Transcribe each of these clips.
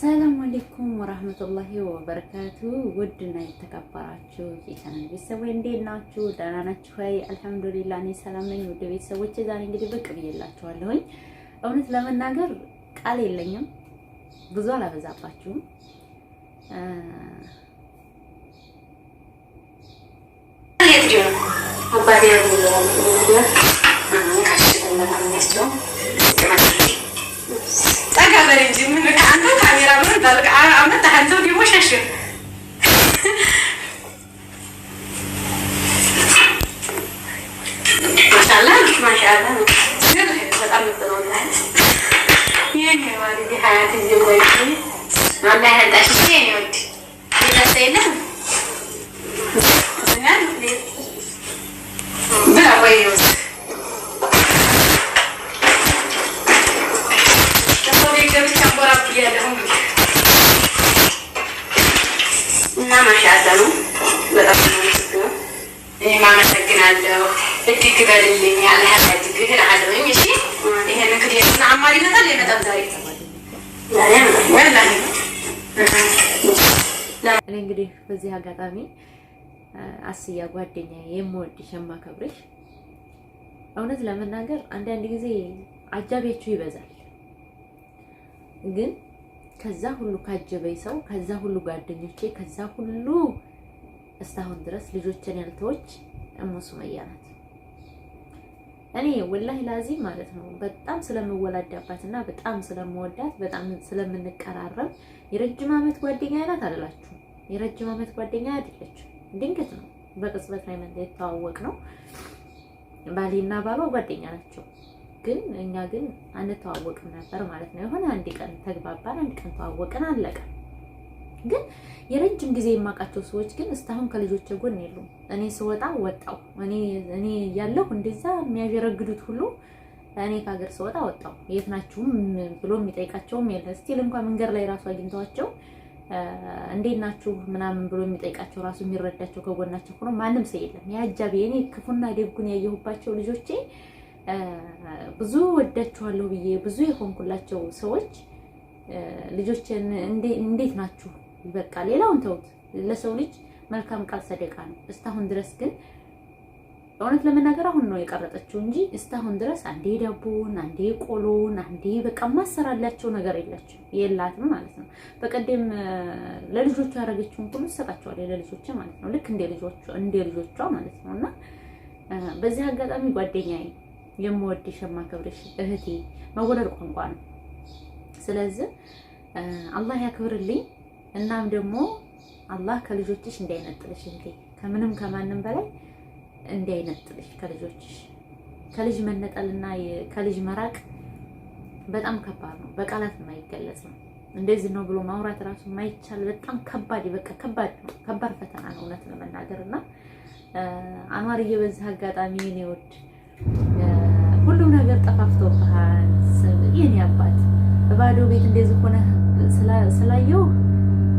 አሰላሙ አሌይኩም ወረህመቱላሂ ወበረካቱ። ውድና የተከበራችሁ የቻናል ቤተሰቦች እንዴት ናችሁ? ደህና ናችሁ ወይ? አልሐምዱሊላህ እኔ ሰላም ነኝ። ውድ ቤተሰቦቼ ዛሬ እንግዲህ ብቅ ብዬላችኋለሁኝ። እውነት ለመናገር ቃል የለኝም፣ ብዙ አላበዛባችሁም። ጠጋ በል እንጂ አመጣ አንተው ደግሞ ሸሽ ማሻላ ማሻላ በጣም ነበረ ሀያት እጅ ግበልልኝ ያለ ግህን አለኝ። እሺ ይሄን እንግዲህ ስና አማር ይመጣል ይመጣል ዛሬ እንግዲህ በዚህ አጋጣሚ አስያ ጓደኛ የምወድሽ የማከብርሽ እውነት ለመናገር አንዳንድ ጊዜ አጃቢያችሁ ይበዛል። ግን ከዛ ሁሉ ካጀበኝ ሰው ከዛ ሁሉ ጓደኞቼ ከዛ ሁሉ እስካሁን ድረስ ልጆችን ያልተወች እሙ ሱመያ ናት። እኔ ወላሂ ላዚም ማለት ነው በጣም ስለምወላዳባትና በጣም ስለምወዳት በጣም ስለምንቀራረብ የረጅም ዓመት ጓደኛ ናት አላላችሁም። የረጅም ዓመት ጓደኛ አይደለች። ድንገት ነው በቅጽበት ላይ የተዋወቅ ነው። ባሌና ባሏ ጓደኛ ናቸው፣ ግን እኛ ግን አንተዋወቅም ነበር ማለት ነው። የሆነ አንድ ቀን ተግባባን፣ አንድ ቀን ተዋወቅን፣ አለቀን። ግን የረጅም ጊዜ የማውቃቸው ሰዎች ግን እስካሁን ከልጆች ጎን የሉም። እኔ ስወጣ ወጣው እኔ ያለሁ እንደዛ የሚያዥረግዱት ሁሉ እኔ ከሀገር ስወጣ ወጣው የት ናችሁም ብሎ የሚጠይቃቸውም የለ። ስቲል እንኳን መንገድ ላይ ራሱ አግኝተዋቸው እንዴት ናችሁ ምናምን ብሎ የሚጠይቃቸው ራሱ የሚረዳቸው ከጎናቸው ሆኖ ማንም ሰው የለም። የአጃቢ እኔ ክፉና ደጉን ያየሁባቸው ልጆቼ ብዙ ወዳችኋለሁ ብዬ ብዙ የሆንኩላቸው ሰዎች ልጆችን እንዴት ናችሁ በቃ ሌላውን ተውት። ለሰው ልጅ መልካም ቃል ሰደቃ ነው። እስካሁን ድረስ ግን እውነት ለመናገር አሁን ነው የቀረጠችው እንጂ እስካሁን ድረስ አንዴ ዳቦን፣ አንዴ ቆሎን፣ አንዴ በቃ ማሰራላቸው ነገር የላቸው የላትም ማለት ነው። በቀደም ለልጆቹ ያደረገችውን ሁሉ ትሰጣቸዋል ለልጆች ማለት ነው። ልክ እንደ ልጆቹ እንደ ልጆቿ ማለት ነው። እና በዚህ አጋጣሚ ጓደኛዬ፣ የምወድሽ የማከብርሽ እህቴ መወለድ ቋንቋ ነው። ስለዚህ አላህ ያክብርልኝ። እናም ደግሞ አላህ ከልጆችሽ እንዳይነጥልሽ እንዴ ከምንም ከማንም በላይ እንዳይነጥልሽ ከልጆችሽ። ከልጅ መነጠልና ከልጅ መራቅ በጣም ከባድ ነው፣ በቃላት የማይገለጽ ነው። እንደዚህ ነው ብሎ ማውራት ራሱ የማይቻል በጣም ከባድ በቃ ከባድ ነው፣ ከባድ ፈተና ነው እውነት ለመናገር እና አንዋርዬ በዚህ አጋጣሚ እኔ ወድ ሁሉም ነገር ጠፋፍቶብሃል የኔ አባት፣ ባዶ ቤት እንደዚህ ሆነ ስላየው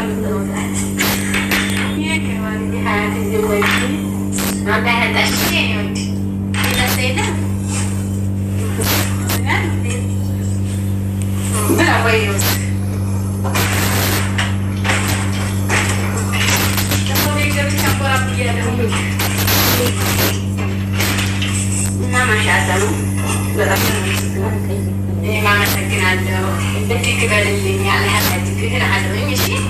أرض الولاء ياك والدي حياتي جواتي عندها تعشيني ودي إذا سيدة بلا ويوز ما مسكن عدو بدي كبر اللي على حالتك هنا عدو ماشي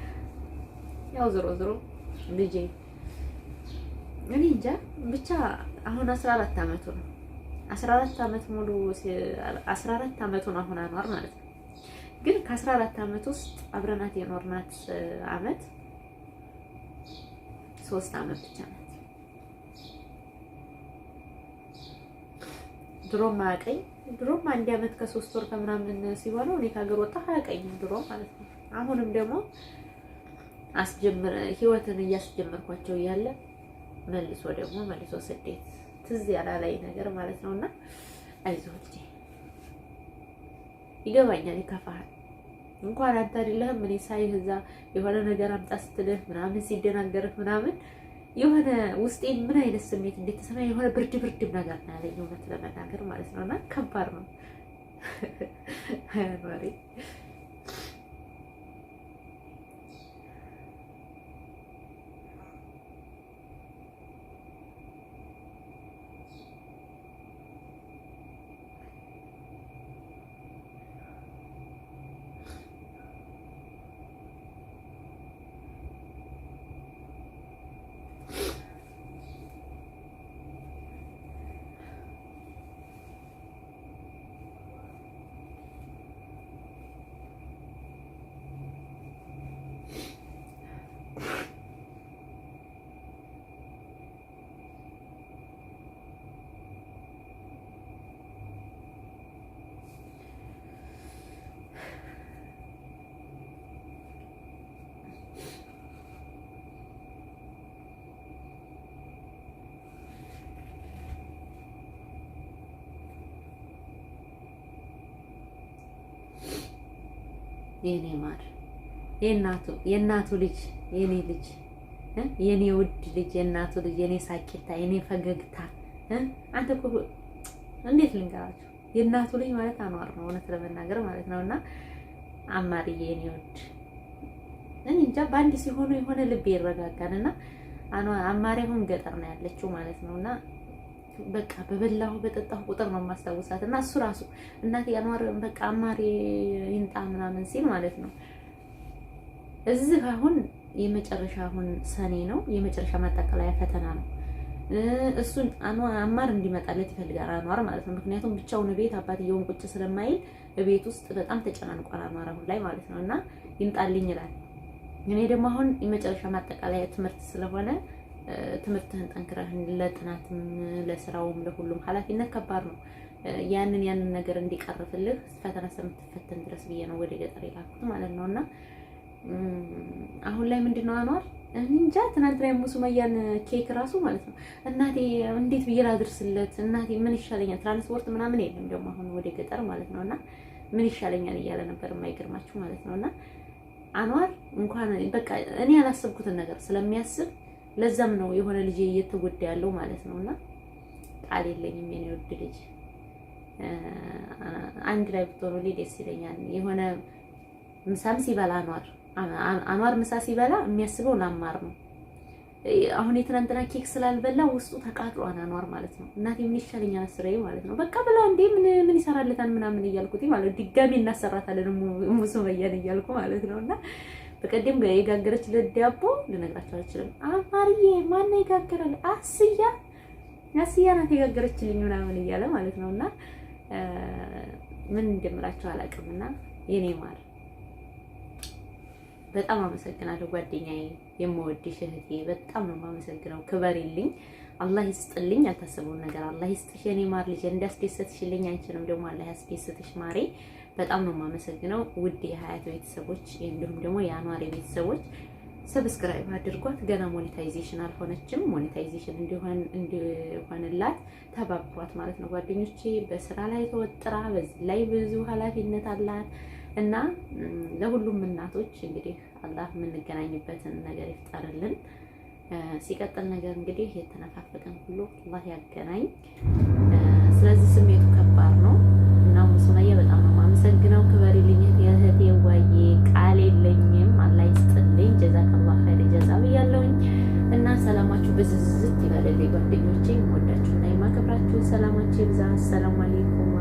ያው ዝሮ ዝሮ ልጄ እኔ እንጃ ብቻ አሁን 14 ዓመቱ ነው። 14 አመት ሙሉ 14 አመቱን አሁን አኗር ማለት ነው። ግን ከ14 አመት ውስጥ አብረናት የኖርናት አመት ሶስት አመት ብቻ ናት። ድሮም አያውቀኝ። ድሮም አንድ አመት ከሶስት ወር ከምናምን ሲሆነው እኔ ከሀገር ወጣ አያውቀኝም ድሮ ማለት ነው። አሁንም ደግሞ ህይወትን እያስጀመርኳቸው እያለ መልሶ ደግሞ መልሶ ስደት ትዝ ያላላይ ነገር ማለት ነው። እና አይዞህ ልጄ ይገባኛል፣ ይከፋሃል። እንኳን አንተ አይደለህም እኔ ሳይህ እዛ የሆነ ነገር አምጣ ስትልህ ምናምን ሲደናገርህ ምናምን የሆነ ውስጤ ምን አይነት ስሜት እንደተሰማ የሆነ ብርድ ብርድ ነገር ነው ያለኝ እውነት ለመናገር ማለት ነው። እና ከባድ ነው የኔ ማር የእናቱ ልጅ የኔ ልጅ የኔ ውድ ልጅ የእናቱ ልጅ የኔ ሳቂታ የኔ ፈገግታ አንተ እኮ እንዴት ልንገራችሁ የእናቱ ልጅ ማለት አኗር ነው፣ እውነት ለመናገር ማለት ነው። እና አማርዬ የኔ ውድ እኔ እንጃ በአንድ ሲሆኑ የሆነ ልብ ይረጋጋል። እና አማሪ አሁን ገጠር ነው ያለችው ማለት ነው እና በቃ በበላሁ በጠጣሁ ቁጥር ነው የማስታውሳት እና እሱ ራሱ እናቴ ያኗር በቃ አማሪ ይንጣ ምናምን ሲል ማለት ነው። እዚህ አሁን የመጨረሻ አሁን ሰኔ ነው የመጨረሻ ማጠቃለያ ፈተና ነው። እሱን አማር እንዲመጣለት ይፈልጋል አኗር ማለት ነው። ምክንያቱም ብቻውን ቤት አባትየውን ቁጭ ስለማይል ቤት ውስጥ በጣም ተጨናንቋል አኗር አሁን ላይ ማለት ነው እና ይምጣልኝ ይላል። እኔ ደግሞ አሁን የመጨረሻ ማጠቃለያ ትምህርት ስለሆነ ትምህርትህን ጠንክረህ ለጥናትም ለስራውም ለሁሉም ኃላፊነት ከባድ ነው። ያንን ያንን ነገር እንዲቀርፍልህ ፈተና እስከምትፈተን ድረስ ብዬ ነው ወደ ገጠር የላኩት ማለት ነው። እና አሁን ላይ ምንድን ነው አኗር እንጃ ትናንትና መያን ኬክ ራሱ ማለት ነው እናቴ እንዴት ብዬ ላድርስለት እናቴ ምን ይሻለኛል፣ ትራንስፖርት ምናምን የለም ደግሞ አሁን ወደ ገጠር ማለት ነው እና ምን ይሻለኛል እያለ ነበር የማይገርማችሁ ማለት ነው እና አኗር እንኳን በቃ እኔ ያላሰብኩትን ነገር ስለሚያስብ ለዛም ነው የሆነ ልጅ እየተጎዳ ያለው ማለት ነው። እና ቃል የለኝም የኔ ውድ ልጅ አንድ ላይ ብትሆኑ ደስ ይለኛል። የሆነ ምሳም ሲበላ አኗር አኗር ምሳ ሲበላ የሚያስበው ለአማር ነው። አሁን የትናንትና ኬክ ስላልበላ ውስጡ ተቃጥሏን አኗር ማለት ነው። እናቴ ምን ይሻለኛል አስረይ ማለት ነው። በቃ ብላ እንዴ ምን ምን ይሰራለታል ምናምን እያልኩት ማለት ድጋሜ እናሰራታለን ሙሱ በያን እያልኩ ማለት ነውና በቀደም የጋገረችለት ዳቦ ልነግራቸው አልችልም። አማርዬ ማነው የጋገረል? አስያ አስያ ናት የጋገረችልኝ ምናምን እያለ ማለት ነው። እና ምን እንደምላቸው አላውቅም። እና የኔ ማር በጣም አመሰግናለሁ ጓደኛዬ፣ የምወድሽ እህቴ፣ በጣም ነው የማመሰግነው። ክበሪልኝ፣ አላህ ይስጥልኝ፣ ያልታሰበውን ነገር አላህ ይስጥሽ የኔ ማር ልጅ፣ እንዳስደሰትሽልኝ አንቺንም ደግሞ አላህ ያስደሰትሽ ማሬ። በጣም ነው የማመሰግነው ውድ የሀያት ቤተሰቦች እንዲሁም ደግሞ የአኗሪ ቤተሰቦች ሰብስክራይብ አድርጓት። ገና ሞኔታይዜሽን አልሆነችም። ሞኔታይዜሽን እንዲሆንላት ተባብሯት ማለት ነው ጓደኞቼ። በስራ ላይ ተወጥራ በዚህ ላይ ብዙ ኃላፊነት አላት እና ለሁሉም እናቶች እንግዲህ አላህ የምንገናኝበትን ነገር ይፍጠርልን። ሲቀጥል ነገር እንግዲህ የተነፋፈቀን ሁሉ አላህ ያገናኝ። ስለዚህ ስሜት ብዝዝት ይበልልኝ። ጓደኞቼ ወዳችሁና የማከብራችሁ ሰላማችሁ ይብዛ። አሰላሙ አሌይኩም